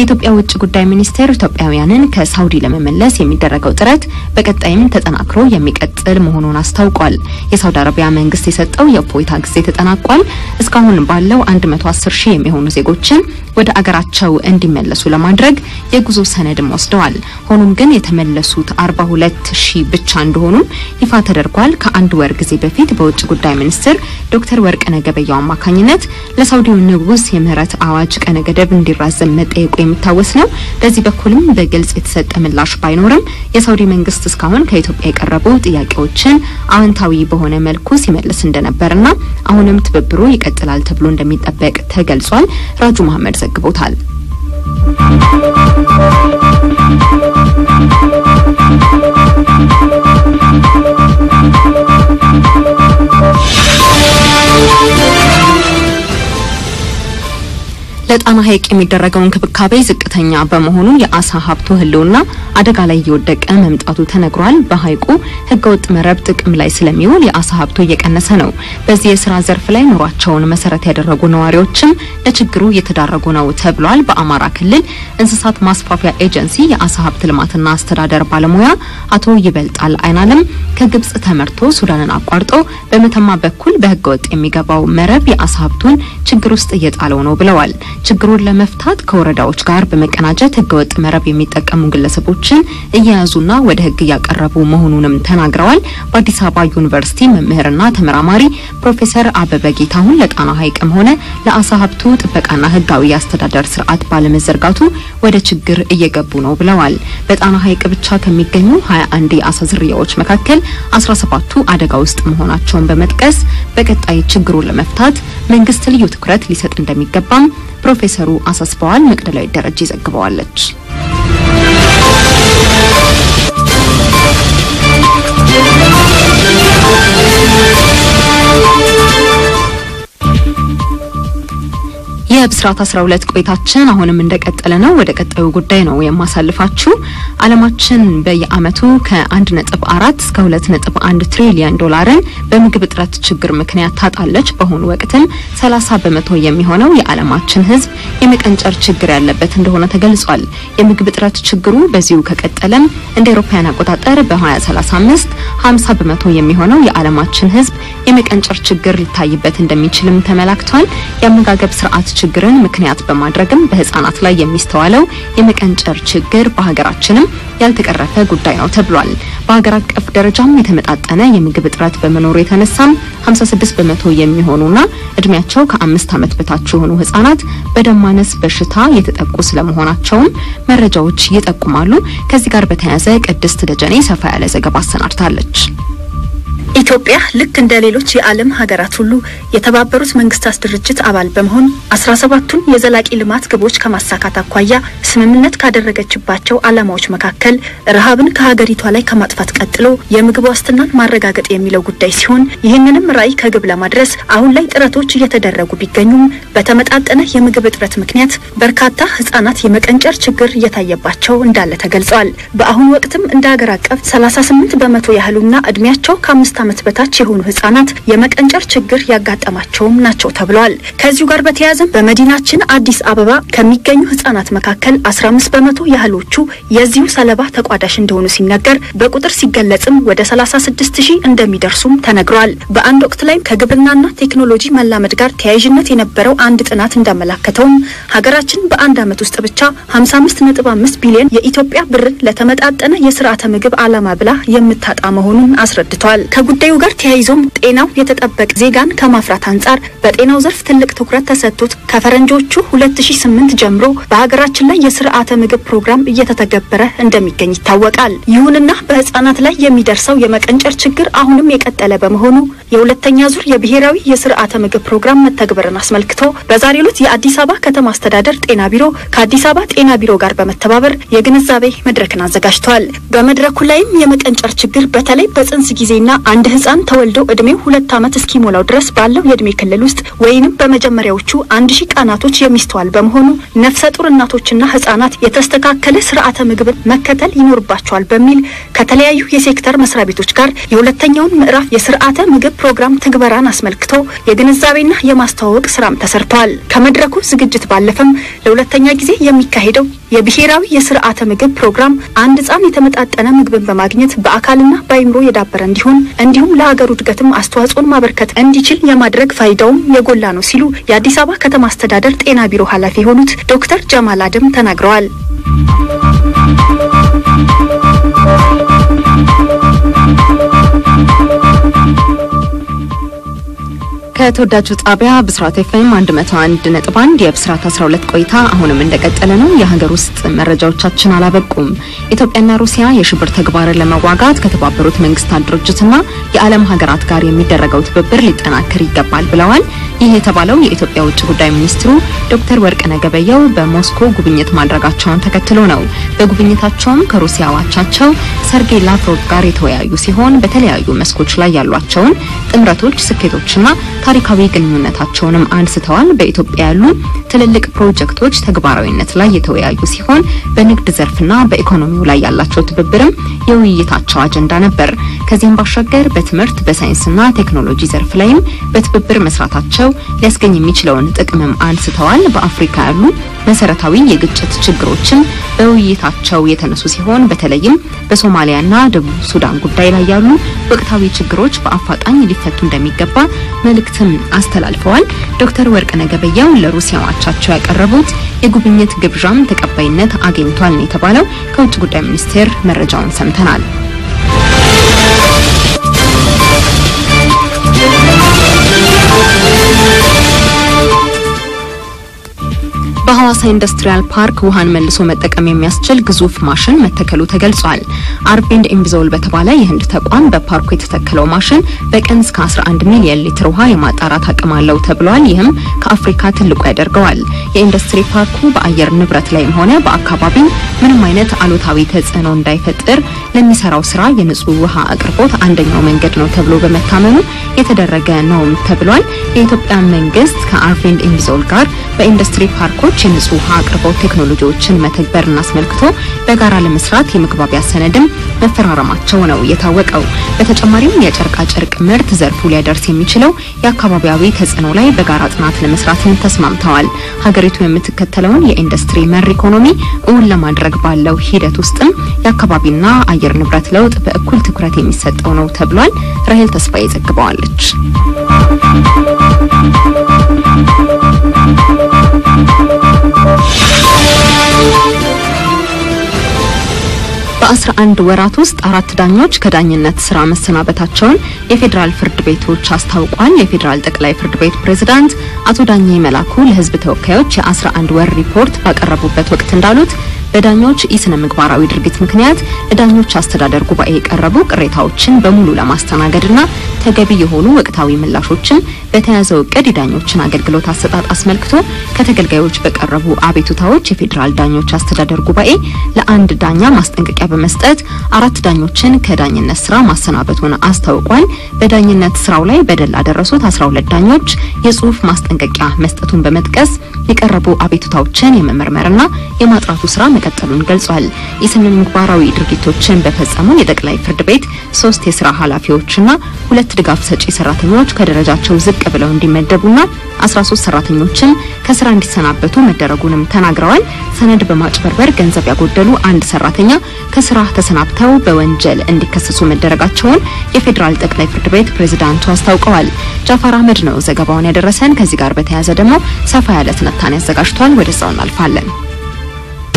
የኢትዮጵያ ውጭ ጉዳይ ሚኒስቴር ኢትዮጵያውያንን ከሳውዲ ለመመለስ የሚደረገው ጥረት በቀጣይም ተጠናክሮ የሚቀጥል መሆኑን አስታውቋል። የሳውዲ አረቢያ መንግስት የሰጠው የእፎይታ ጊዜ ተጠናቋል። እስካሁን ባለው 110 ሺህ የሚሆኑ ዜጎችን ወደ አገራቸው እንዲመለሱ ለማድረግ የጉዞ ሰነድም ወስደዋል። ሆኖም ግን የተመለሱት 42 ሺህ ብቻ እንደሆኑ ይፋ ተደርጓል። ከአንድ ወር ጊዜ በፊት በውጭ ጉዳይ ሚኒስትር ዶክተር ወርቅነህ ገበያው አማካኝነት ለሳውዲው ንጉስ የምህረት አዋጅ ቀነ ገደብ እንዲራዘም መጠየቁ የሚታወስ ነው። በዚህ በኩልም በግልጽ የተሰጠ ምላሽ ባይኖርም የሳውዲ መንግስት እስካሁን ከኢትዮጵያ የቀረቡ ጥያቄዎችን አዎንታዊ በሆነ መልኩ ሲመልስ እንደነበርና አሁንም ትብብሩ ይቀጥላል ተብሎ እንደሚጠበቅ ተገልጿል። ራጁ መሀመድ ዘግቦታል። ለጣና ሐይቅ የሚደረገው እንክብካቤ ዝቅተኛ በመሆኑ የአሳ ሀብቱ ህልውና አደጋ ላይ እየወደቀ መምጣቱ ተነግሯል። በሐይቁ ህገወጥ መረብ ጥቅም ላይ ስለሚውል የአሳ ሀብቱ እየቀነሰ ነው። በዚህ የስራ ዘርፍ ላይ ኑሯቸውን መሰረት ያደረጉ ነዋሪዎችም ለችግሩ እየተዳረጉ ነው ተብሏል። በአማራ ክልል እንስሳት ማስፋፊያ ኤጀንሲ የአሳ ሀብት ልማትና አስተዳደር ባለሙያ አቶ ይበልጣል አይናለም ከግብጽ ተመርቶ ሱዳንን አቋርጦ በመተማ በኩል በህገወጥ የሚገባው መረብ የአሳ ሀብቱን ችግር ውስጥ እየጣለው ነው ብለዋል። ችግሩን ለመፍታት ከወረዳዎች ጋር በመቀናጀት ህገወጥ መረብ የሚጠቀሙ ግለሰቦችን እየያዙና ወደ ህግ እያቀረቡ መሆኑንም ተናግረዋል። በአዲስ አበባ ዩኒቨርሲቲ መምህርና ተመራማሪ ፕሮፌሰር አበበ ጌታሁን ለጣና ሐይቅም ሆነ ለአሳ ሀብቱ ጥበቃና ህጋዊ አስተዳደር ስርዓት ባለመዘርጋቱ ወደ ችግር እየገቡ ነው ብለዋል። በጣና ሐይቅ ብቻ ከሚገኙ 21 የአሳ ዝርያዎች መካከል 17ቱ አደጋ ውስጥ መሆናቸውን በመጥቀስ በቀጣይ ችግሩን ለመፍታት መንግስት ልዩ ትኩረት ሊሰጥ እንደሚገባም ፕሮፌሰሩ አሳስበዋል። መቅደላዊ ደረጃ ይዘግበዋለች። የብስራት 12 ቆይታችን አሁንም እንደቀጠለ ነው። ወደ ቀጣዩ ጉዳይ ነው የማሳልፋችሁ። አለማችን በየአመቱ ከ1.4 እስከ 2.1 ትሪሊዮን ዶላርን በምግብ እጥረት ችግር ምክንያት ታጣለች። በአሁኑ ወቅትም 30 በመቶ የሚሆነው የዓለማችን ሕዝብ የመቀንጨር ችግር ያለበት እንደሆነ ተገልጿል። የምግብ እጥረት ችግሩ በዚሁ ከቀጠለም እንደ አውሮፓውያን አቆጣጠር በ2035 50 በመቶ የሚሆነው የዓለማችን ሕዝብ የመቀንጨር ችግር ሊታይበት እንደሚችልም ተመላክቷል። የአመጋገብ ስርዓት ችግርን ምክንያት በማድረግም በህፃናት ላይ የሚስተዋለው የመቀንጨር ችግር በሀገራችንም ያልተቀረፈ ጉዳይ ነው ተብሏል። በሀገር አቀፍ ደረጃም የተመጣጠነ የምግብ እጥረት በመኖሩ የተነሳም 56 በመቶ የሚሆኑና እድሜያቸው ከአምስት ዓመት በታች የሆኑ ህጻናት በደማነስ በሽታ የተጠቁ ስለመሆናቸውም መረጃዎች ይጠቁማሉ። ከዚህ ጋር በተያያዘ ቅድስት ደጀኔ ሰፋ ያለ ዘገባ አሰናድታለች። ኢትዮጵያ ልክ እንደ ሌሎች የዓለም ሀገራት ሁሉ የተባበሩት መንግስታት ድርጅት አባል በመሆን አስራ ሰባቱን የዘላቂ ልማት ግቦች ከማሳካት አኳያ ስምምነት ካደረገችባቸው ዓላማዎች መካከል ረሃብን ከሀገሪቷ ላይ ከማጥፋት ቀጥሎ የምግብ ዋስትናን ማረጋገጥ የሚለው ጉዳይ ሲሆን ይህንንም ራዕይ ከግብ ለማድረስ አሁን ላይ ጥረቶች እየተደረጉ ቢገኙም በተመጣጠነ የምግብ እጥረት ምክንያት በርካታ ህጻናት የመቀንጨር ችግር እየታየባቸው እንዳለ ተገልጿል። በአሁኑ ወቅትም እንደ ሀገር አቀፍ 38 በመቶ ያህሉና እድሜያቸው ከአምስት ዓመት በታች የሆኑ ህጻናት የመቀንጨር ችግር ያጋጠማቸውም ናቸው ተብሏል። ከዚሁ ጋር በተያያዘም በመዲናችን አዲስ አበባ ከሚገኙ ህጻናት መካከል 15 በመቶ ያህሎቹ የዚሁ ሰለባ ተቋዳሽ እንደሆኑ ሲነገር በቁጥር ሲገለጽም ወደ 36 ሺህ እንደሚደርሱም ተነግሯል። በአንድ ወቅት ላይም ከግብርናና ቴክኖሎጂ መላመድ ጋር ተያያዥነት የነበረው አንድ ጥናት እንዳመላከተውም ሀገራችን በአንድ ዓመት ውስጥ ብቻ 55.5 ቢሊዮን የኢትዮጵያ ብርን ለተመጣጠነ የስርዓተ ምግብ ዓላማ ብላ የምታጣ መሆኑን አስረድቷል። ከጉዳዩ ጋር ተያይዞም ጤናው የተጠበቀ ዜጋን ከማፍራት አንጻር በጤናው ዘርፍ ትልቅ ትኩረት ተሰጥቶት ከፈረንጆቹ 2008 ጀምሮ በሀገራችን ላይ የስርዓተ ምግብ ፕሮግራም እየተተገበረ እንደሚገኝ ይታወቃል። ይሁንና በህፃናት ላይ የሚደርሰው የመቀንጨር ችግር አሁንም የቀጠለ በመሆኑ የሁለተኛ ዙር የብሔራዊ የስርዓተ ምግብ ፕሮግራም መተግበርን አስመልክቶ በዛሬው ዕለት የአዲስ አበባ ከተማ አስተዳደር ጤና ቢሮ ከአዲስ አበባ ጤና ቢሮ ጋር በመተባበር የግንዛቤ መድረክን አዘጋጅተዋል። በመድረኩ ላይም የመቀንጨር ችግር በተለይ በጽንስ ጊዜና አንድ ህፃን ተወልዶ እድሜው ሁለት ዓመት እስኪሞላው ድረስ ባለው የእድሜ ክልል ውስጥ ወይንም በመጀመሪያዎቹ አንድ ሺህ ቃናቶች የሚስተዋል በመሆኑ ነፍሰ ጡር እናቶችና ህጻናት የተስተካከለ ስርዓተ ምግብን መከተል ይኖርባቸዋል በሚል ከተለያዩ የሴክተር መስሪያ ቤቶች ጋር የሁለተኛውን ምዕራፍ የስርዓተ ምግብ ፕሮግራም ትግበራን አስመልክቶ የግንዛቤና የማስተዋወቅ ስራም ተሰርተዋል። ከመድረኩ ዝግጅት ባለፈም ለሁለተኛ ጊዜ የሚካሄደው የብሔራዊ የስርዓተ ምግብ ፕሮግራም አንድ ህጻን የተመጣጠነ ምግብን በማግኘት በአካልና በአይምሮ የዳበረ እንዲሆን እንዲሁም ለሀገሩ እድገትም አስተዋጽኦን ማበርከት እንዲችል የማድረግ ፋይዳውም የጎላ ነው ሲሉ የአዲስ አበባ ከተማ አስተዳደር ጤና ቢሮ ኃላፊ የሆኑት ዶክተር ጀማል አደም ተናግረዋል። ከተወዳጁ ጣቢያ ብስራት ኤፍኤም 101 ነጥብ 1 የብስራት 12 ቆይታ አሁንም እንደቀጠለ ነው። የሀገር ውስጥ መረጃዎቻችን አላበቁም። ኢትዮጵያና ሩሲያ የሽብር ተግባርን ለመዋጋት ከተባበሩት መንግስታት ድርጅትና የዓለም ሀገራት ጋር የሚደረገው ትብብር ሊጠናከር ይገባል ብለዋል። ይህ የተባለው የኢትዮጵያ ውጭ ጉዳይ ሚኒስትሩ ዶክተር ወርቅነህ ገበየሁ በሞስኮ ጉብኝት ማድረጋቸውን ተከትሎ ነው። በጉብኝታቸውም ከሩሲያ አቻቸው ሰርጌይ ላቭሮቭ ጋር የተወያዩ ሲሆን በተለያዩ መስኮች ላይ ያሏቸውን ጥምረቶች፣ ስኬቶችና ታሪካዊ ግንኙነታቸውንም አንስተዋል። በኢትዮጵያ ያሉ ትልልቅ ፕሮጀክቶች ተግባራዊነት ላይ የተወያዩ ሲሆን በንግድ ዘርፍና በኢኮኖሚው ላይ ያላቸው ትብብርም የውይይታቸው አጀንዳ ነበር። ከዚህም ባሻገር በትምህርት በሳይንስና ቴክኖሎጂ ዘርፍ ላይም በትብብር መስራታቸው ሊያስገኝ የሚችለውን ጥቅምም አንስተዋል። በአፍሪካ ያሉ መሰረታዊ የግጭት ችግሮችን በውይይታቸው የተነሱ ሲሆን በተለይም በሶማሊያና ደቡብ ሱዳን ጉዳይ ላይ ያሉ ወቅታዊ ችግሮች በአፋጣኝ ሊፈቱ እንደሚገባ መልእክትም አስተላልፈዋል። ዶክተር ወርቅነህ ገበየሁ ለሩሲያ አቻቸው ያቀረቡት የጉብኝት ግብዣም ተቀባይነት አግኝቷል ነው የተባለው። ከውጭ ጉዳይ ሚኒስቴር መረጃውን ሰምተናል። በሐዋሳ ኢንዱስትሪያል ፓርክ ውሃን መልሶ መጠቀም የሚያስችል ግዙፍ ማሽን መተከሉ ተገልጿል። አርቤንድ ኢንቪዞል በተባለ የህንድ ተቋም በፓርኩ የተተከለው ማሽን በቀን እስከ 11 ሚሊየን ሊትር ውሃ የማጣራት አቅም አለው ተብሏል። ይህም ከአፍሪካ ትልቁ ያደርገዋል። የኢንዱስትሪ ፓርኩ በአየር ንብረት ላይም ሆነ በአካባቢው ምንም አይነት አሉታዊ ተጽዕኖ እንዳይፈጥር ለሚሰራው ስራ የንጹህ ውሃ አቅርቦት አንደኛው መንገድ ነው ተብሎ በመታመኑ የተደረገ ነውም ተብሏል። የኢትዮጵያ መንግስት ከአርቬንድ ኢንቪዞል ጋር በኢንዱስትሪ ፓርኮች ንጹህ ውሃ አቅርበው ቴክኖሎጂዎችን መተግበርን አስመልክቶ በጋራ ለመስራት የመግባቢያ ሰነድም መፈራረማቸው ነው የታወቀው። በተጨማሪም የጨርቃ ጨርቅ ምርት ዘርፉ ሊያደርስ የሚችለው የአካባቢያዊ ተጽዕኖ ላይ በጋራ ጥናት ለመስራትም ተስማምተዋል። ሀገሪቱ የምትከተለውን የኢንዱስትሪ መር ኢኮኖሚ እውን ለማድረግ ባለው ሂደት ውስጥም የአካባቢና አየር ንብረት ለውጥ በእኩል ትኩረት የሚሰጠው ነው ተብሏል። ራሄል ተስፋዬ ዘግበዋለች። በ11 ወራት ውስጥ አራት ዳኞች ከዳኝነት ስራ መሰናበታቸውን የፌዴራል ፍርድ ቤቶች አስታውቋል። የፌዴራል ጠቅላይ ፍርድ ቤት ፕሬዝዳንት አቶ ዳኜ መላኩ ለህዝብ ተወካዮች የ11 ወር ሪፖርት ባቀረቡበት ወቅት እንዳሉት በዳኞች ኢስነ ምግባራዊ ድርጊት ምክንያት ለዳኞች አስተዳደር ጉባኤ የቀረቡ ቅሬታዎችን በሙሉ ለማስተናገድና ተገቢ የሆኑ ወቅታዊ ምላሾችን በተያዘው እቅድ የዳኞችን አገልግሎት አሰጣጥ አስመልክቶ ከተገልጋዮች በቀረቡ አቤቱታዎች የፌዴራል ዳኞች አስተዳደር ጉባኤ ለአንድ ዳኛ ማስጠንቀቂያ በመስጠት አራት ዳኞችን ከዳኝነት ስራ ማሰናበቱን አስታውቋል። በዳኝነት ስራው ላይ በደል አደረሱት 12 ዳኞች የጽሁፍ ማስጠንቀቂያ መስጠቱን በመጥቀስ የቀረቡ አቤቱታዎችን የመመርመርና የማጥራቱ ስራ መቀጠሉን ገልጿል። የሰሜን ምግባራዊ ድርጊቶችን በፈጸሙን የጠቅላይ ፍርድ ቤት ሶስት የስራ ኃላፊዎችና ሁለት ድጋፍ ሰጪ ሰራተኞች ከደረጃቸው ዝቅ ብለው እንዲመደቡና 13 ሰራተኞችን ከስራ እንዲሰናበቱ መደረጉንም ተናግረዋል። ሰነድ በማጭበርበር ገንዘብ ያጎደሉ አንድ ሰራተኛ ከስራ ተሰናብተው በወንጀል እንዲከሰሱ መደረጋቸውን የፌዴራል ጠቅላይ ፍርድ ቤት ፕሬዝዳንቱ አስታውቀዋል። ጃፋር አህመድ ነው ዘገባውን ያደረሰን። ከዚህ ጋር በተያያዘ ደግሞ ሰፋ ያለ ትንታኔ አዘጋጅቷል። ወደዛው እናልፋለን።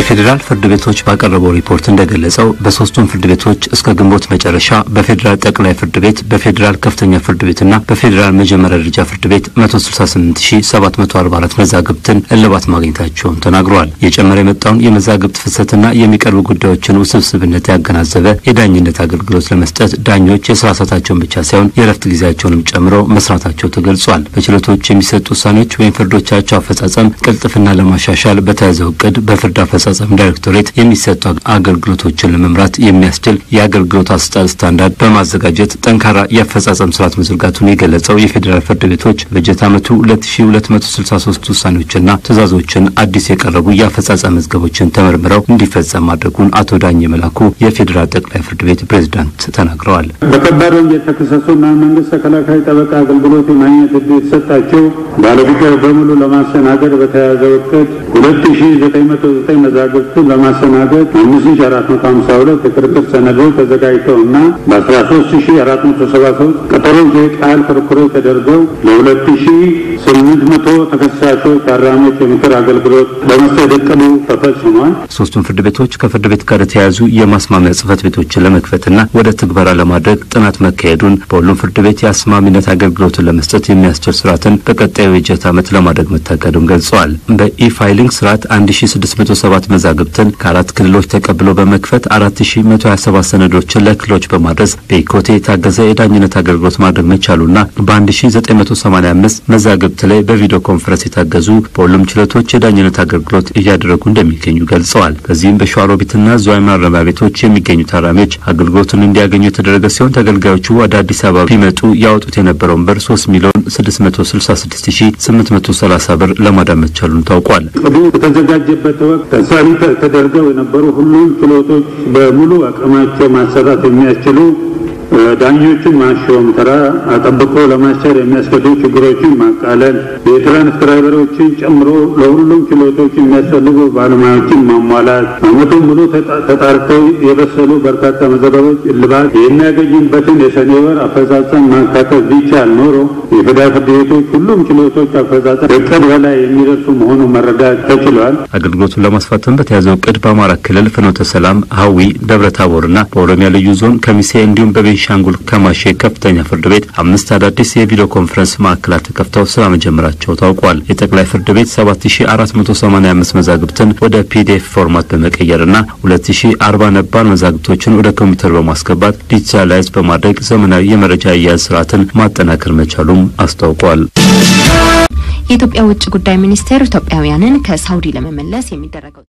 የፌዴራል ፍርድ ቤቶች ባቀረበው ሪፖርት እንደገለጸው በሶስቱም ፍርድ ቤቶች እስከ ግንቦት መጨረሻ በፌዴራል ጠቅላይ ፍርድ ቤት፣ በፌዴራል ከፍተኛ ፍርድ ቤትና በፌዴራል መጀመሪያ ደረጃ ፍርድ ቤት 168744 መዛግብትን እልባት ማግኘታቸውን ተናግረዋል። የጨመረ የመጣውን የመዛግብት ፍሰትና የሚቀርቡ ጉዳዮችን ውስብስብነት ያገናዘበ የዳኝነት አገልግሎት ለመስጠት ዳኞች የስራ ሰዓታቸውን ብቻ ሳይሆን የእረፍት ጊዜያቸውንም ጨምሮ መስራታቸው ተገልጿል። በችሎቶች የሚሰጡ ውሳኔዎች ወይም ፍርዶቻቸው አፈጻጸም ቅልጥፍና ለማሻሻል በተያዘው እቅድ በፍርድ አፈጻ አፈጻጸም ዳይሬክቶሬት የሚሰጡ አገልግሎቶችን ለመምራት የሚያስችል የአገልግሎት አሰጣጥ ስታንዳርድ በማዘጋጀት ጠንካራ የአፈጻጸም ስርዓት መዘርጋቱን የገለጸው የፌዴራል ፍርድ ቤቶች በጀት ዓመቱ 2263 ውሳኔዎችና ትእዛዞችን አዲስ የቀረቡ የአፈጻጸም መዝገቦችን ተመርምረው እንዲፈጸም ማድረጉን አቶ ዳኝ መላኩ የፌዴራል ጠቅላይ ፍርድ ቤት ፕሬዝዳንት ተናግረዋል። በከባድ ወንጀል ተከሰሱና መንግስት ተከላካይ ጠበቃ አገልግሎት የማግኘት እድል የተሰጣቸው ባለጉዳዮች በሙሉ ለማስተናገድ በተያያዘ እቅድ መዛግብትን በማሰናደድ 5452 የክርክር ሰነዶች ተዘጋጅተውና በ13473 ቀጠሮ የቃል ክርክሮች ተደርገው ለ2800 ተከሳሾች ታራሚዎች የምክር አገልግሎት በመስጠት እቅዱ ተፈጽሟል። ሶስቱን ፍርድ ቤቶች ከፍርድ ቤት ጋር የተያያዙ የማስማሚያ ጽህፈት ቤቶችን ለመክፈትና ወደ ትግበራ ለማድረግ ጥናት መካሄዱን በሁሉም ፍርድ ቤት የአስማሚነት አገልግሎትን ለመስጠት የሚያስችል ስርዓትን በቀጣዩ የጀት ዓመት ለማድረግ መታቀዱን ገልጸዋል። በኢፋይሊንግ ስርዓት 1607 ጥናት መዛግብትን ከአራት ክልሎች ተቀብሎ በመክፈት አራት ሺ መቶ ሀያ ሰባት ሰነዶችን ለክልሎች በማድረስ በኢኮቴ የታገዘ የዳኝነት አገልግሎት ማድረግ መቻሉና በአንድ ሺ ዘጠኝ መቶ ሰማኒያ አምስት መዛግብት ላይ በቪዲዮ ኮንፈረንስ የታገዙ በሁሉም ችሎቶች የዳኝነት አገልግሎት እያደረጉ እንደሚገኙ ገልጸዋል። በዚህም በሸዋሮቢትና ዝዋይ ማረሚያ ቤቶች የሚገኙ ታራሚዎች አገልግሎቱን እንዲያገኙ የተደረገ ሲሆን ተገልጋዮቹ ወደ አዲስ አበባ ቢመጡ ያወጡት የነበረውን ብር ሶስት ሚሊዮን ስድስት መቶ ስልሳ ስድስት ሺ ስምንት መቶ ሰላሳ ብር ለማዳን መቻሉን ታውቋል። በተዘጋጀበት ወቅት ታሳቢ ተደርገው የነበሩ ሁሉም ችሎቶች በሙሉ አቅማቸው ማሰራት የሚያስችሉ ዳኞችን ማሾም ተራ አጠብቆ ለማስቸር የሚያስገዱ ችግሮችን ማቃለል፣ የትራንስክራይበሮችን ጨምሮ ለሁሉም ችሎቶች የሚያስፈልጉ ባለሙያዎችን ማሟላት፣ አመቱን ሙሉ ተጣርተው የበሰሉ በርካታ መዘገቦች እልባት የሚያገኝበትን የሰኔ ወር አፈጻጸም ማካተት ቢቻል ኖሮ የፌዴራል ፍርድ ቤቶች ሁሉም ችሎቶች አፈጻጸም እቅድ በላይ የሚደርሱ መሆኑ መረዳት ተችሏል። አገልግሎቱን ለማስፋትም በተያዘው እቅድ በአማራ ክልል ፍኖተ ሰላም፣ ሀዊ፣ ደብረ ታቦርና በኦሮሚያ ልዩ ዞን ከሚሴ እንዲሁም በቤ ቤኒሻንጉል ከማሼ ከፍተኛ ፍርድ ቤት አምስት አዳዲስ የቪዲዮ ኮንፈረንስ ማዕከላት ተከፍተው ስራ መጀመራቸው ታውቋል። የጠቅላይ ፍርድ ቤት 7485 መዛግብትን ወደ ፒዲኤፍ ፎርማት በመቀየርና 2040 ነባር መዛግብቶችን ወደ ኮምፒውተር በማስገባት ዲጂታላይዝ በማድረግ ዘመናዊ የመረጃ አያያዝ ስርዓትን ማጠናከር መቻሉም አስታውቋል። የኢትዮጵያ ውጭ ጉዳይ ሚኒስቴር ኢትዮጵያውያንን ከሳውዲ ለመመለስ የሚደረገው